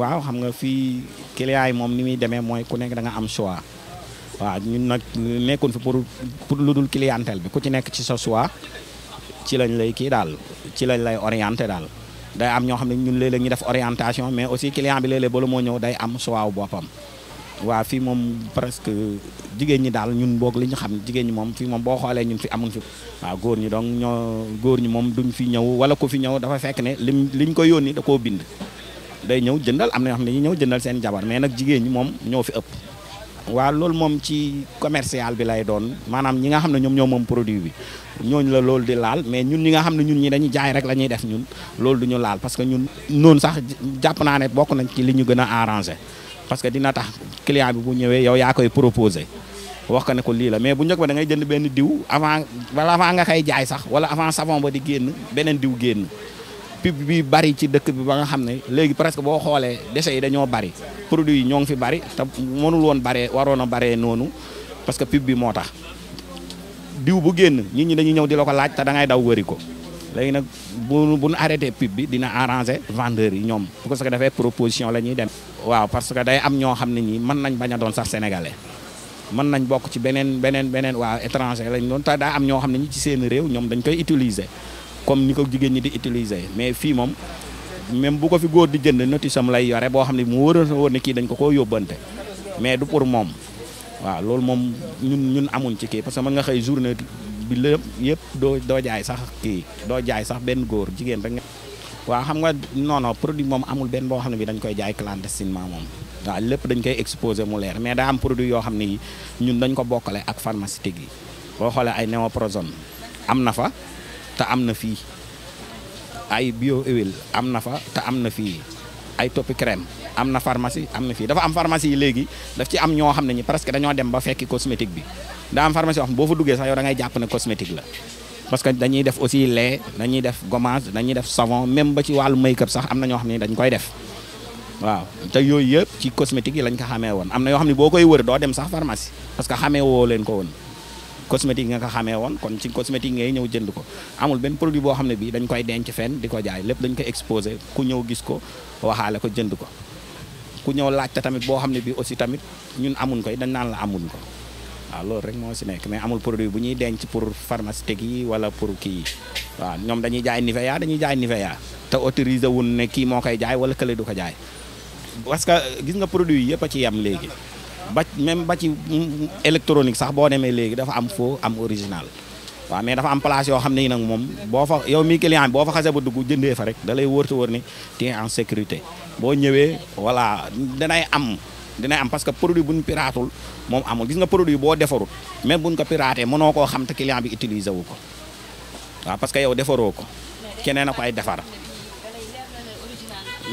waaw xam nga fii client yi moom ni muy demee mooy ku nekk danga am choix waaw ñun nag nekkoon fi pour pour lu dul clientèle bi ku ci nekk ci sa choix ci lañ lay kii daal ci lañ lay orienté daal day am ñoo xam ne ñun léeg-léeg ñu def orientation mais aussi client bi léeg-léeg moo ñëw day am choix wu boppam waaw fi moom presque jigéen ñi daal ñun boog li ñu xam jigéen ñi moom fii moom boo xoolee ñun fi amuñ fi waaw góor ñi donc ñoo góor ñi moom duñ fi ñëw wala ko fi ñëw dafa fekk ne lim ko yónni da koo bind day ñëw jëndal am na ñëw jëndal seen jabar mais nag jigéen ñi moom ñoo fi ëpp. waaw loolu moom ci commercial bi lay doon maanaam ñi xam ne la loolu di laal ñun ñi nga xam ne ñun ñi dañuy jaay rek la ñuy def ñun loolu du ñu laal parce que ñun noonu sax jàpp naa ne bokk nañ ci li ñu gën a arrangé parce que dina tax client bi bu ñëwee yow yaa koy proposé wax ko ne ko lii la mais bu njëkk ba da jënd benn diw avant avant nga jaay sax wala avant savon ba di génn beneen diw génn pib bi bari ci dëkk bi ba nga xam ne léegi presque boo xoolee déchets yi dañoo bari produit yi ñoo ngi fi bari te mënul woon baree waroon a baree noonu parce que pib bi moo tax diw bu génn nit ñi dañuy ñëw di la ko laaj te da ngay daw wëri ko léegi nag bu bu ñu arrêté pib bi dina arranger vendeurs yi ñoom bu ko sax defee proposition la ñuy dem. waaw parce que day am ñoo xam ne ñi mën nañ bañ doon sax sénégalais mën nañ bokk ci beneen beneen beneen waaw étranger lañ doon te daa am ñoo xam ne ñi ci seen réew ñoom dañ koy utiliser. comme ni ko jigéen ñi di utiliser mais fii moom même bu ko fi góor di jënd notisam lay yore boo xam ne mu wóor na wóor kii dañ ko koo yóbbante mais du pour moom waaw loolu moom ñun ñun amuñ ci kii parce que mën nga xëy journée bi lépp yëpp doo doo jaay sax kii doo jaay sax benn góor jigéen rek nga. xam nga non produit moom amul benn boo xam ne bi dañ koy jaay clandestinement moom waaw dañ koy exposé mu leer mais daa am produit yoo xam ne ñun dañ ko bokkale ak pharmaceutique yi boo xoolee ay prosone am na fa. te am na fii ay bio huile am na fa te am na fii ay toppi crème am na pharmacie am na fii dafa am pharmacie yi léegi daf ci am ñoo xam ne ñi presque dañoo dem ba fekki cosmétique bi daa am pharmacie yoo xam boo fa ngay jàpp ne cosmétique la parce que dañuy def aussi lait dañuy def gommage dañuy def savon même ba ci wàllu make sax am na ñoo xam ne dañ koy def waaw te yooyu yëpp ci cosmétique yi lañ ko xamee woon am na yoo xam ne boo koy wër doo dem sax pharmacie parce que xamee woo leen ko woon cosmétique nga ko xamee woon kon ci cosmétique ngay ñëw jënd ko amul benn produit boo xam ne bii dañ koy denc fenn di ko jaay lépp dañ koy exposé ku ñëw gis ko waxaale ko jënd ko ku ñëw laajte tamit boo xam ne bii aussi tamit ñun amuñ koy dañ naan la amul ko waaw loolu rek moo si nekk mais amul produit bu ñuy denc pour pharmaceutique yi wala pour kii yi waaw ñoom dañuy jaay Nivea dañuy jaay Nivea te autorisé wun ne kii moo koy jaay wala kële du ko jaay parce que gis nga produit yëpp ci yem léegi ba même ba ci électronique sax boo demee léegi dafa am foo am original waaw mais dafa am place yoo xam ne yi nag moom boo fa yow mi client boo fa xasee ba dugg jëndee fa rek da lay wóor ni tu en sécurité boo ñëwee voilà danay am danay am parce que produit buñ piraatul moom amul gis nga produit boo defarul même buñ ko piraatee mënoo koo xam te client bi utiliser wu ko waaw parce que yow defaroo ko keneen a ko ay defar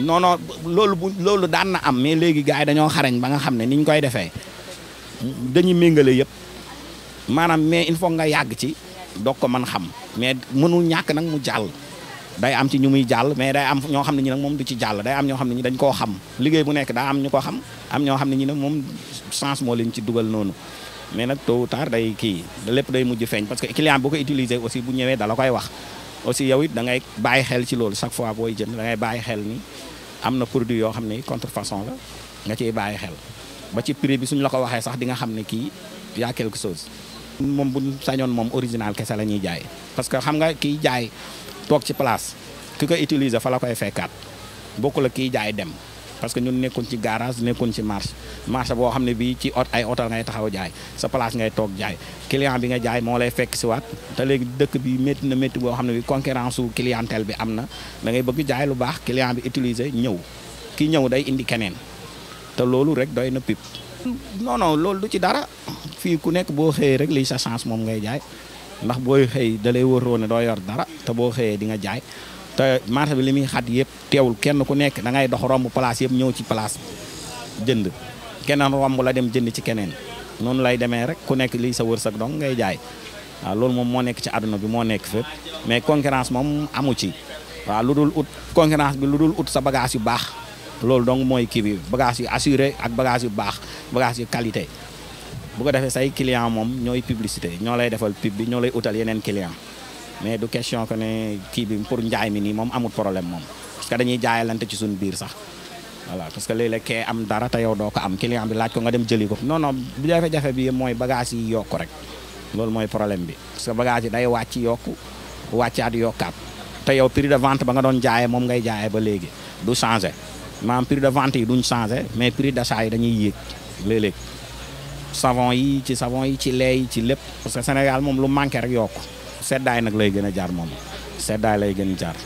non non loolu bu loolu daan na am mais léegi gars yi dañoo xarañ ba nga xam ne ni ñu koy defee dañuy méngale yëpp maanaam mais il faut nga yàgg ci doog ko mën xam mais mënul ñàkk nag mu jàll day am ci ñu muy jàll mais day am ñoo xam ne ñi moom du ci jàll day am ñoo xam ne ñi dañ koo xam liggéey bu nekk daa am ñu ko xam ñoo xam ne ñi nag moom chance moo leen ci dugal noonu mais nag tôt ou tard day kii lépp day mujj feeñ parce que client bu ko utiliser aussi bu ñëwee dala koy wax aussi yow it da ngay bàyyi xel ci loolu chaque fois booy jën da ngay bàyyi xel ni am na produit yoo xam ne contrefaçon la nga ciy bàyyi xel ba ci prix bi suñu la ko waxee sax di nga xam ne kii yaa quelque chose moom bu sañoon moom original kese la ñuy jaay parce que xam nga kiy jaay toog ci place ki ko utiliser fa la koy fekkaat bokku la kii jaay dem parce que ñun nekkoon ci garage nekkoon ci marché marché boo xam ne bi ci ot ay oto ngay taxaw jaay sa place ngay toog jaay client bi nga jaay moo lay fekk si waat te léegi dëkk bi métti na métti boo xam ne bi concurrence wu clientèle bi am na da bëgg jaay lu baax client bi utiliser ñëw ki ñëw day indi keneen te loolu rek doy na pip non non loolu du ci dara fii ku nekk boo xëyee rek li sa chance moom ngay jaay ndax booy xëy da lay wóoroo ne doo yor dara te boo xëyee di nga jaay te marché bi li muy xat yëpp teewul kenn ku nekk da ngay dox romb place yëpp ñëw ci place jënd keneen romb la dem jënd ci keneen noonu lay demee rek ku nekk lii sa wërsëg dong ngay jaay waaw loolu moom moo nekk ci àdduna bi moo nekk fépp mais concurrence moom amu ci waaw lu dul ut concurrence bi lu dul ut sa bagage yu baax loolu dong mooy kii bi bagage yu assuré ak bagage yu baax bagage yu qualité bu ko defee say client moom ñooy publicité ñoo lay defal pub bi ñoo lay utal yeneen client mais du question que ne kii bi pour njaay mi nii moom amul problème moom parce que dañuy jaayalante ci suñu biir sax voilà parce que léeg-léeg kee am dara te yow doo ko am client bi laaj ko nga dem jëli ko non non jafe bi mooy bagage yi yokku rek loolu mooy problème bi parce bagage yi day wàcc yokku wàccaat yokkaat te yow prix de vente ba nga doon jaayee moom ngay jaayee ba léegi du changé maanaam prix de vente yi duñ changé mais prix d'achat yi dañuy yéeg léeg-léeg savon yi ci savon yi ci lait ci lépp parce que Sénégal moom lu manqué rek yokku seddaay nag lay gën a jaar moom seddaay lay gën jaar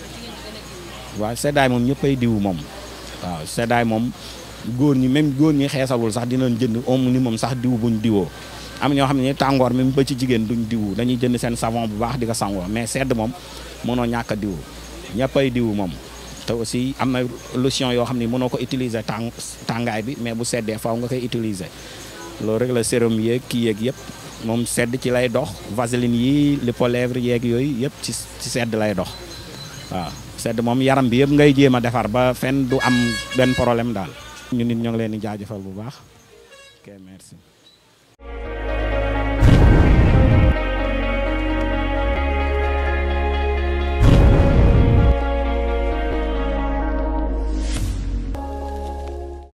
waaw seddaay moom ñëppay diw moom waaw seddaay moom góor ñi même góor ñi xeesalul sax dinañ jënd au moom sax diw buñ diwoo am ñoo xam ne tàngoor même ba ci jigéen duñ diwu dañuy jënd seen savon bu baax di ko sangoo mais sedd moom mënoo ñàkk a diwu ñëppay diwu moom te aussi am na lotion yoo xam ne mënoo ko utiliser tàng tàngaay bi mais bu seddee faaw nga koy utiliser loolu rek la sérum yeeg ki yeeg yëpp moom sedd ci lay dox vaseline yi lipo lèvre yeeg yooyu yëpp ci ci sedd lay dox waaw sedd moom yaram bi yëpp ngay jéem a defar ba fen du am benn problème daal. ñu nit ñoo ngi leen di jaajëfal bu baax ok merci.